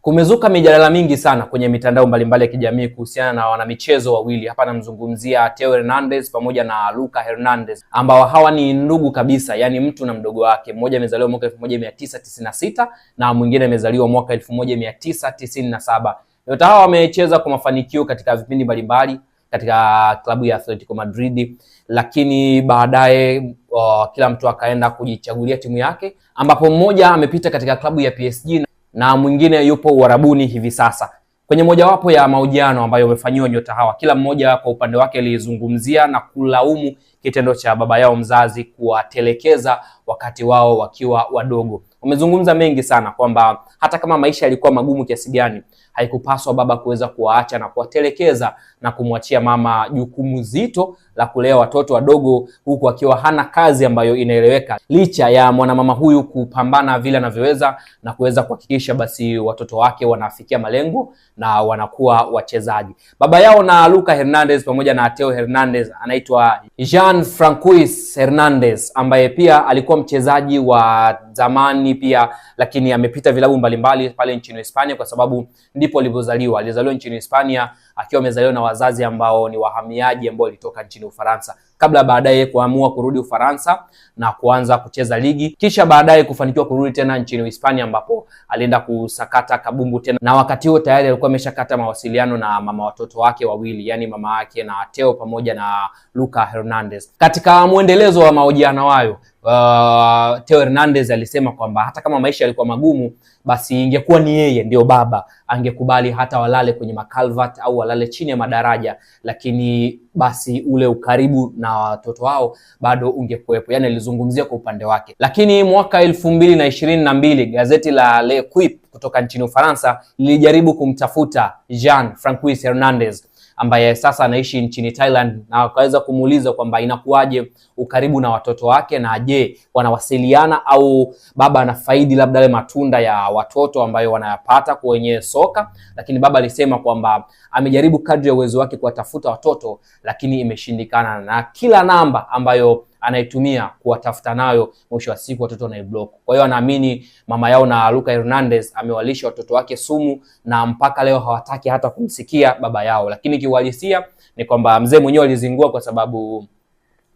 Kumezuka mijadala mingi sana kwenye mitandao mbalimbali ya kijamii kuhusiana na wanamichezo wawili. Hapa namzungumzia Theo Hernandez pamoja na Luka Hernandez ambao hawa ni ndugu kabisa, yaani mtu na mdogo wake. Mmoja amezaliwa mwaka 1996 na mwingine amezaliwa mwaka 1997. Yote hawa wamecheza kwa mafanikio katika vipindi mbalimbali katika klabu ya Atletico Madrid, lakini baadaye uh, kila mtu akaenda kujichagulia timu yake ambapo mmoja amepita katika klabu ya PSG na mwingine yupo uharabuni hivi sasa. Kwenye mojawapo ya mahojiano ambayo wamefanyiwa nyota hawa, kila mmoja kwa upande wake alizungumzia na kulaumu kitendo cha baba yao mzazi kuwatelekeza wakati wao wakiwa wadogo. Wamezungumza mengi sana kwamba hata kama maisha yalikuwa magumu kiasi gani, haikupaswa baba kuweza kuwaacha na kuwatelekeza na kumwachia mama jukumu zito la kulea watoto wadogo, huku akiwa hana kazi ambayo inaeleweka, licha ya mwanamama huyu kupambana vile anavyoweza na kuweza kuhakikisha basi watoto wake wanafikia malengo na wanakuwa wachezaji. Baba yao na Luka Hernandez pamoja na Teo Hernandez anaitwa Jean Francois Hernandez ambaye pia alikuwa mchezaji wa zamani pia, lakini amepita vilabu mbalimbali pale nchini Hispania kwa sababu ndipo alivyozaliwa Alizaliwa nchini Hispania akiwa amezaliwa na wazazi ambao ni wahamiaji ambao walitoka nchini Ufaransa, kabla baadaye kuamua kurudi Ufaransa na kuanza kucheza ligi, kisha baadaye kufanikiwa kurudi tena nchini Hispania ambapo alienda kusakata kabumbu tena, na wakati huo tayari alikuwa ameshakata mawasiliano na mama watoto wake wawili, yani mama yake na Teo pamoja na Luka Hernandez. Katika mwendelezo wa mahojiano hayo uh, Theo Hernandez alisema kwamba hata kama maisha yalikuwa magumu, basi ingekuwa ni yeye ndio baba angekubali hata walale kwenye makalvat au walale chini ya madaraja, lakini basi ule ukaribu na watoto wao bado ungekuwepo. Yani alizungumzia kwa upande wake, lakini mwaka elfu mbili na ishirini na mbili gazeti la L'Equipe kutoka nchini Ufaransa lilijaribu kumtafuta Jean Francois Hernandez ambaye sasa anaishi nchini Thailand, na wakaweza kumuuliza kwamba inakuwaje ukaribu na watoto wake, na je, wanawasiliana au baba anafaidi labda yale matunda ya watoto ambayo wanayapata kwenye soka. Lakini baba alisema kwamba amejaribu kadri ya uwezo wake kuwatafuta watoto, lakini imeshindikana, na kila namba ambayo anaitumia kuwatafuta nayo, mwisho wa siku watoto wanaiblock. Kwa hiyo anaamini mama yao na Luka Hernandez amewalisha watoto wake sumu, na mpaka leo hawataki hata kumsikia baba yao, lakini kiuhalisia ni kwamba mzee mwenyewe alizingua kwa sababu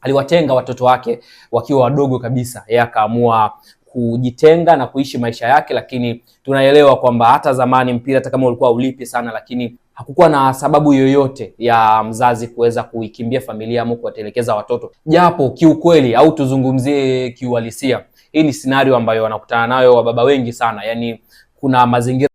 aliwatenga watoto wake wakiwa wadogo kabisa, yeye akaamua kujitenga na kuishi maisha yake, lakini tunaelewa kwamba hata zamani mpira hata kama ulikuwa ulipi sana, lakini hakukuwa na sababu yoyote ya mzazi kuweza kuikimbia familia ama kuwatelekeza watoto, japo kiukweli au tuzungumzie kiuhalisia, hii ni scenario ambayo wanakutana nayo wababa wengi sana, yani kuna mazingira